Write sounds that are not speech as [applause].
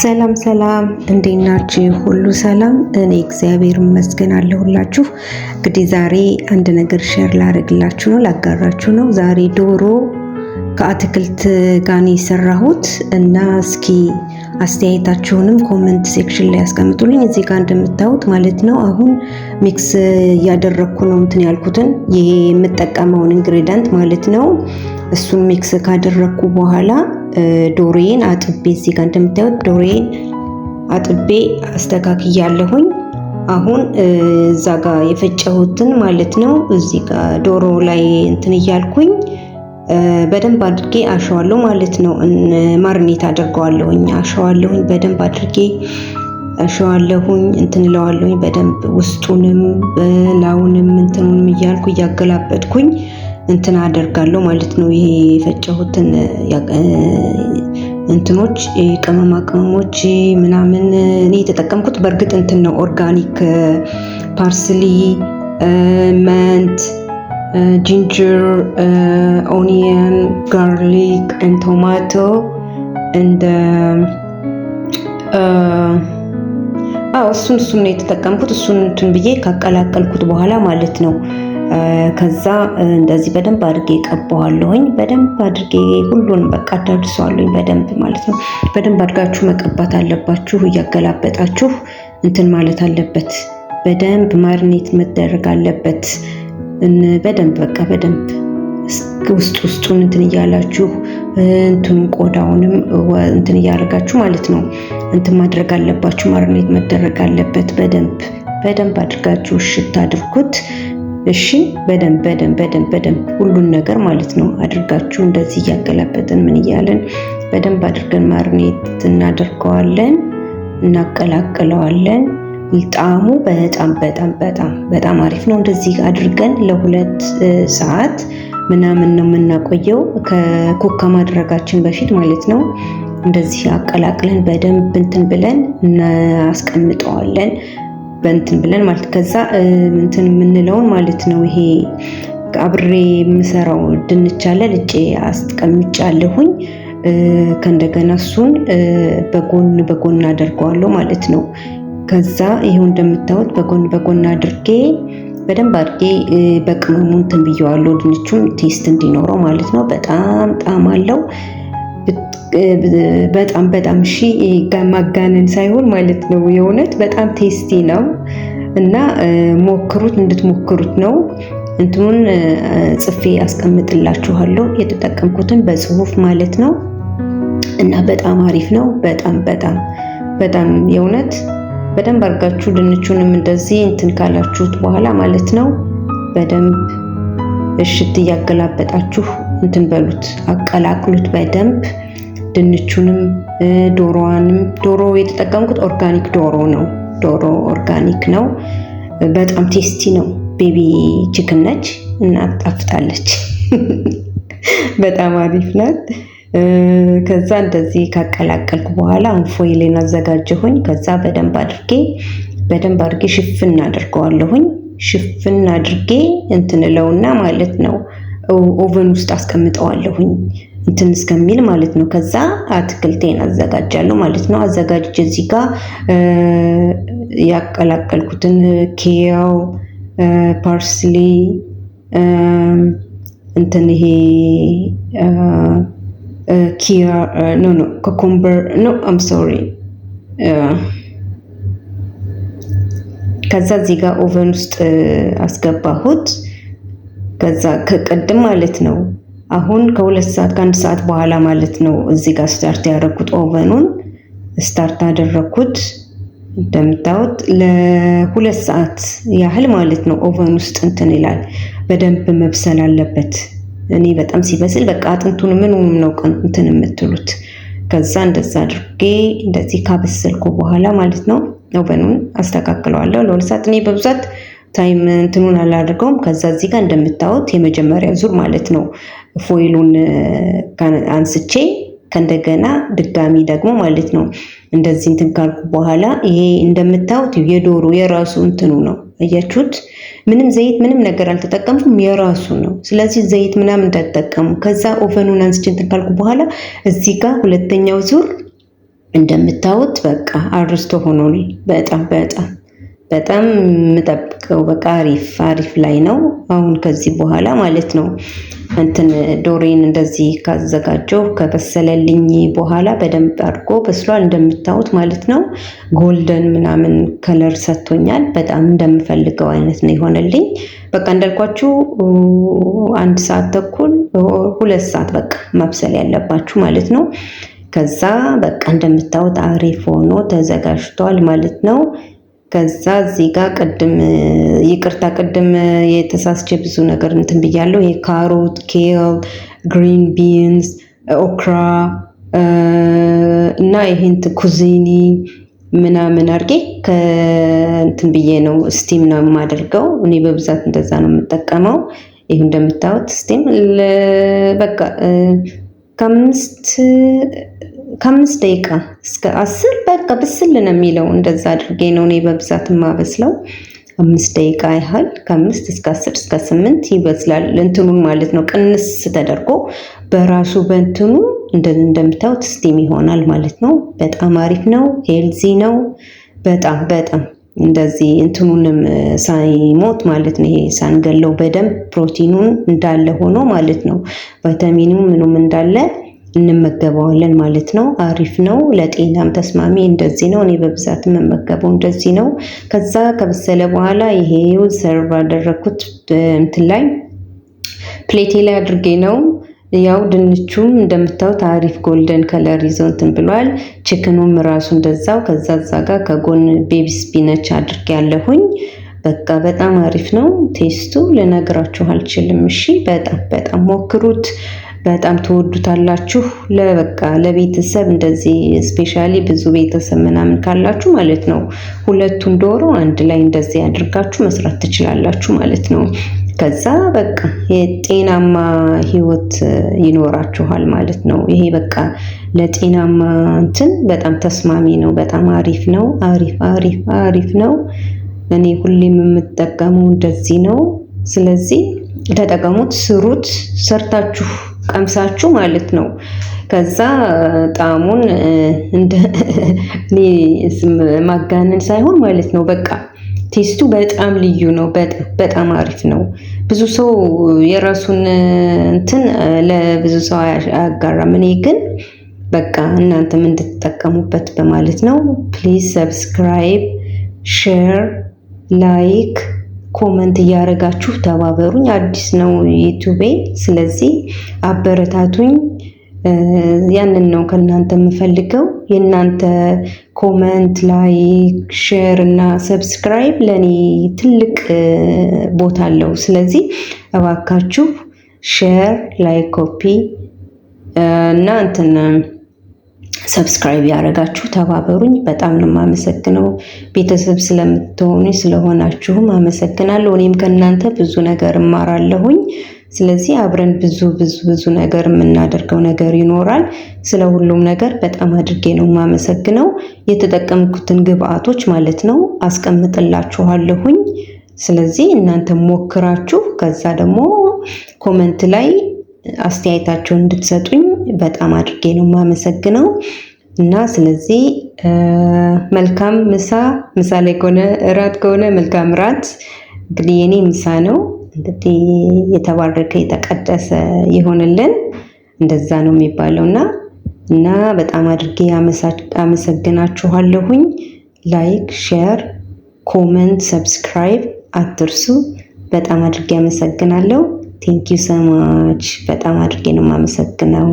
ሰላም ሰላም፣ እንዴት ናችሁ? ሁሉ ሰላም? እኔ እግዚአብሔር ይመስገን አለሁላችሁ። እንግዲህ ዛሬ አንድ ነገር ሼር ላደርግላችሁ ነው፣ ላጋራችሁ ነው። ዛሬ ዶሮ ከአትክልት ጋር ነው የሰራሁት እና እስኪ አስተያየታችሁንም ኮመንት ሴክሽን ላይ ያስቀምጡልኝ። እዚህ ጋር እንደምታዩት ማለት ነው አሁን ሚክስ እያደረግኩ ነው እንትን ያልኩትን ይሄ የምጠቀመውን ኢንግሪዲየንት ማለት ነው። እሱን ሚክስ ካደረግኩ በኋላ ዶሮዬን አጥቤ እዚህ ጋር እንደምታዩት ዶሮዬን አጥቤ አስተካክያለሁኝ። አሁን እዛ ጋር የፈጨሁትን ማለት ነው እዚህ ጋር ዶሮ ላይ እንትን እያልኩኝ በደንብ አድርጌ አሸዋለሁ ማለት ነው። ማርኔት አድርገዋለሁኝ፣ አሸዋለሁኝ፣ በደንብ አድርጌ አሸዋለሁኝ፣ እንትን እለዋለሁኝ በደንብ ውስጡንም በላውንም እንትኑንም እያልኩ እያገላበጥኩኝ እንትን አደርጋለሁ ማለት ነው። ይሄ የፈጨሁትን እንትኖች ቅመማ ቅመሞች ምናምን እኔ የተጠቀምኩት በእርግጥ እንትን ነው ኦርጋኒክ ፓርስሊ፣ መንት፣ ጂንጀር፣ ኦኒየን፣ ጋርሊክ ን ቶማቶ እንደ እሱን እሱን ነው የተጠቀምኩት። እሱን እንትን ብዬ ካቀላቀልኩት በኋላ ማለት ነው ከዛ እንደዚህ በደንብ አድርጌ ቀባዋለሁኝ። በደንብ አድርጌ ሁሉንም በቃ አዳርሰዋለሁኝ በደንብ ማለት ነው። በደንብ አድርጋችሁ መቀባት አለባችሁ። እያገላበጣችሁ እንትን ማለት አለበት። በደንብ ማርኔት መደረግ አለበት። በደንብ በቃ በደንብ ውስጥ ውስጡን እንትን እያላችሁ እንትን ቆዳውንም እንትን እያደረጋችሁ ማለት ነው። እንትን ማድረግ አለባችሁ። ማርኔት መደረግ አለበት። በደንብ በደንብ አድርጋችሁ እሽት አድርጉት። እሺ በደንብ በደንብ በደንብ በደንብ ሁሉን ነገር ማለት ነው አድርጋችሁ እንደዚህ እያገላበጥን ምን እያለን በደንብ አድርገን ማርኔት እናደርገዋለን፣ እናቀላቅለዋለን። ጣዕሙ በጣም በጣም በጣም በጣም አሪፍ ነው። እንደዚህ አድርገን ለሁለት ሰዓት ምናምን ነው የምናቆየው ከኩክ ከማድረጋችን በፊት ማለት ነው። እንደዚህ አቀላቅለን በደንብ እንትን ብለን እናስቀምጠዋለን። በእንትን ብለን ማለት ከዛ እንትን የምንለውን ማለት ነው ይሄ አብሬ የምሰራው ድንች አለ ልጬ አስቀምጫለሁኝ። ከእንደገና እሱን በጎን በጎን አደርገዋለሁ ማለት ነው። ከዛ ይሄው እንደምታዩት በጎን በጎን አድርጌ በደንብ አድርጌ በቅመሙ እንትን ብየዋለሁ። ድንቹም ቴስት እንዲኖረው ማለት ነው። በጣም ጣዕም አለው። በጣም በጣም ሺ ማጋነን ሳይሆን ማለት ነው። የእውነት በጣም ቴስቲ ነው እና ሞክሩት፣ እንድትሞክሩት ነው። እንትኑን ጽፌ አስቀምጥላችኋለሁ የተጠቀምኩትን በጽሁፍ ማለት ነው። እና በጣም አሪፍ ነው። በጣም በጣም በጣም የእውነት በደንብ አድርጋችሁ ድንቹንም እንደዚህ እንትን ካላችሁት በኋላ ማለት ነው በደንብ እሽት እያገላበጣችሁ እንትን በሉት አቀላቅሉት በደንብ ድንቹንም ዶሮዋንም። ዶሮ የተጠቀምኩት ኦርጋኒክ ዶሮ ነው። ዶሮ ኦርጋኒክ ነው። በጣም ቴስቲ ነው። ቤቢ ችክን ነች እና ጣፍጣለች። [laughs] በጣም አሪፍ ናት። ከዛ እንደዚህ ካቀላቀልኩ በኋላ አንፎይሌን አዘጋጀሁኝ። ከዛ በደንብ አድርጌ በደንብ አድርጌ ሽፍን አድርገዋለሁኝ። ሽፍን አድርጌ እንትንለውና ማለት ነው ኦቨን ውስጥ አስቀምጠዋለሁኝ እንትን እስከሚል ማለት ነው። ከዛ አትክልቴን አዘጋጃለሁ ማለት ነው። አዘጋጅቼ እዚህ ጋር ያቀላቀልኩትን ኬያው፣ ፓርስሊ እንትን ይሄ ኪያ ኖ ኖ ኮኮምበር ኖ አም ሶሪ። ከዛ እዚህ ጋር ኦቨን ውስጥ አስገባሁት። ከዛ ከቀድም ማለት ነው አሁን ከሁለት ሰዓት ከአንድ ሰዓት በኋላ ማለት ነው እዚህ ጋር ስታርት ያደረኩት ኦቨኑን ስታርት አደረኩት። እንደምታዩት ለሁለት ሰዓት ያህል ማለት ነው ኦቨን ውስጥ እንትን ይላል። በደንብ መብሰል አለበት። እኔ በጣም ሲበስል በቃ አጥንቱን ምን ነው እንትን የምትሉት። ከዛ እንደዛ አድርጌ እንደዚህ ካበሰልኩ በኋላ ማለት ነው ኦቨኑን አስተካክለዋለሁ ለሁለት ሰዓት እኔ በብዛት ታይም እንትኑን አላደርገውም። ከዛ እዚህ ጋር እንደምታዩት የመጀመሪያ ዙር ማለት ነው ፎይሉን አንስቼ ከእንደገና ድጋሚ ደግሞ ማለት ነው እንደዚህ እንትን ካልኩ በኋላ ይሄ እንደምታዩት የዶሮ የራሱ እንትኑ ነው። እያችሁት ምንም ዘይት ምንም ነገር አልተጠቀምኩም፣ የራሱ ነው። ስለዚህ ዘይት ምናምን እንዳትጠቀሙ። ከዛ ኦቨኑን አንስቼ እንትን ካልኩ በኋላ እዚህ ጋር ሁለተኛው ዙር እንደምታዩት በቃ አርስቶ ሆኖ በጣም በጣም በጣም የምጠብቀው በቃ አሪፍ አሪፍ ላይ ነው። አሁን ከዚህ በኋላ ማለት ነው እንትን ዶሬን እንደዚህ ካዘጋጀው ከበሰለልኝ በኋላ በደንብ አድርጎ በስሏል እንደምታዩት ማለት ነው። ጎልደን ምናምን ከለር ሰጥቶኛል። በጣም እንደምፈልገው አይነት ነው የሆነልኝ። በቃ እንዳልኳችሁ አንድ ሰዓት ተኩል ሁለት ሰዓት በቃ ማብሰል ያለባችሁ ማለት ነው። ከዛ በቃ እንደምታዩት አሪፍ ሆኖ ተዘጋጅቷል ማለት ነው። ከዛ እዚህ ጋር ቅድም ይቅርታ ቅድም የተሳስቼ ብዙ ነገር እንትን ብያለሁ። ይሄ ካሮት፣ ኬል፣ ግሪን ቢንስ፣ ኦክራ እና ይሄንት ኩዚኒ ምናምን አድርጌ ከእንትን ብዬ ነው ስቲም ነው የማደርገው። እኔ በብዛት እንደዛ ነው የምጠቀመው። ይህ እንደምታዩት ስቲም በቃ ከአምስት ከአምስት ደቂቃ እስከ አስር በቃ ብስል ነው የሚለው። እንደዛ አድርጌ ነው እኔ በብዛት የማበስለው። አምስት ደቂቃ ያህል ከአምስት እስከ አስር እስከ ስምንት ይበስላል። እንትኑን ማለት ነው ቅንስ ተደርጎ በራሱ በእንትኑ እንደምታዩት ስቲም ይሆናል ማለት ነው። በጣም አሪፍ ነው፣ ሄልዚ ነው። በጣም በጣም እንደዚህ እንትኑንም ሳይሞት ማለት ነው። ይሄ ሳንገለው በደንብ ፕሮቲኑን እንዳለ ሆኖ ማለት ነው ቫይታሚኑ ምኑም እንዳለ እንመገበዋለን ማለት ነው። አሪፍ ነው፣ ለጤናም ተስማሚ እንደዚህ ነው። እኔ በብዛት የምመገበው እንደዚህ ነው። ከዛ ከበሰለ በኋላ ይሄው ሰርቭ አደረግኩት እንትን ላይ ፕሌቴ ላይ አድርጌ ነው። ያው ድንቹም እንደምታዩት አሪፍ ጎልደን ከለር ይዞ እንትን ብሏል። ችክኑም ራሱ እንደዛው። ከዛ እዛ ጋር ከጎን ቤቢ ስፒነች አድርጌ ያለሁኝ በቃ በጣም አሪፍ ነው ቴስቱ፣ ልነግራችሁ አልችልም። እሺ በጣም በጣም ሞክሩት። በጣም ትወዱታላችሁ። ለበቃ ለቤተሰብ እንደዚህ ስፔሻሊ ብዙ ቤተሰብ ምናምን ካላችሁ ማለት ነው ሁለቱን ዶሮ አንድ ላይ እንደዚህ አድርጋችሁ መስራት ትችላላችሁ ማለት ነው። ከዛ በቃ የጤናማ ህይወት ይኖራችኋል ማለት ነው። ይሄ በቃ ለጤናማ እንትን በጣም ተስማሚ ነው። በጣም አሪፍ ነው። አሪፍ አሪፍ አሪፍ ነው። እኔ ሁሌም የምጠቀመው እንደዚህ ነው። ስለዚህ ተጠቀሙት፣ ስሩት፣ ሰርታችሁ ቀምሳችሁ ማለት ነው። ከዛ ጣዕሙን እንደ ማጋነን ሳይሆን ማለት ነው በቃ ቴስቱ በጣም ልዩ ነው። በጣም አሪፍ ነው። ብዙ ሰው የራሱን እንትን ለብዙ ሰው አያጋራም። እኔ ግን በቃ እናንተም እንድትጠቀሙበት በማለት ነው። ፕሊዝ ሰብስክራይብ፣ ሼር፣ ላይክ ኮመንት እያደረጋችሁ ተባበሩኝ። አዲስ ነው ዩቱቤ፣ ስለዚህ አበረታቱኝ። ያንን ነው ከእናንተ የምፈልገው። የእናንተ ኮመንት፣ ላይክ፣ ሼር እና ሰብስክራይብ ለእኔ ትልቅ ቦታ አለው። ስለዚህ እባካችሁ ሼር፣ ላይክ፣ ኮፒ እና እንትን ሰብስክራይብ ያደረጋችሁ ተባበሩኝ። በጣም ነው የማመሰግነው። ቤተሰብ ስለምትሆኑ ስለሆናችሁም አመሰግናለሁ። እኔም ከእናንተ ብዙ ነገር እማራለሁኝ። ስለዚህ አብረን ብዙ ብዙ ብዙ ነገር የምናደርገው ነገር ይኖራል። ስለ ሁሉም ነገር በጣም አድርጌ ነው የማመሰግነው። የተጠቀምኩትን ግብአቶች ማለት ነው አስቀምጥላችኋለሁኝ። ስለዚህ እናንተ ሞክራችሁ ከዛ ደግሞ ኮመንት ላይ አስተያየታቸውን እንድትሰጡኝ በጣም አድርጌ ነው የማመሰግነው እና ስለዚህ መልካም ምሳ፣ ምሳ ላይ ከሆነ እራት ከሆነ መልካም እራት። እንግዲህ የኔ ምሳ ነው። እንግዲህ የተባረከ የተቀደሰ የሆነልን እንደዛ ነው የሚባለው እና እና በጣም አድርጌ አመሰግናችኋለሁኝ። ላይክ፣ ሼር፣ ኮመንት፣ ሰብስክራይብ አትርሱ። በጣም አድርጌ አመሰግናለሁ። ቴንኪዩ ሰማች። በጣም አድርጌ ነው የማመሰግነው።